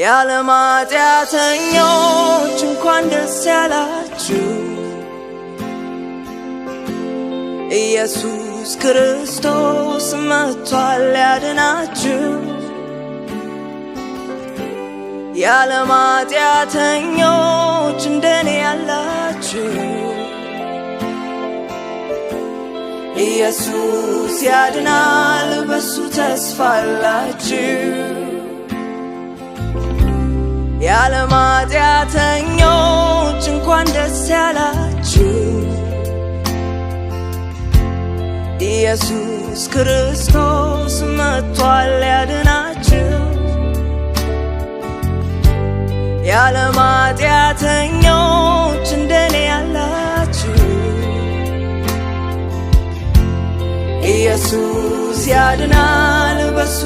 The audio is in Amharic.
የዓለም ኃጢአተኞች እንኳን ደስ ያላችሁ ኢየሱስ ክርስቶስ መጥቷል ያድናችሁ የዓለም ኃጢአተኞች እንደኔ ያላችሁ ኢየሱስ ያድናል፣ በሱ ተስፋ አላችሁ። ያለ ማጢአተኞች እንኳን ደስ ያላችሁ ኢየሱስ ክርስቶስ መጥቷል ያድናችሁ። ያለ ማጢአተኞች እንደኔ ያላችሁ ኢየሱስ ያድናል በሱ